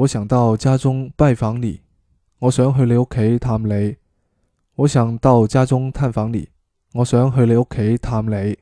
我想到家中拜訪你，我想去你屋企探你。我想到家中探訪你，我想去你屋企探你。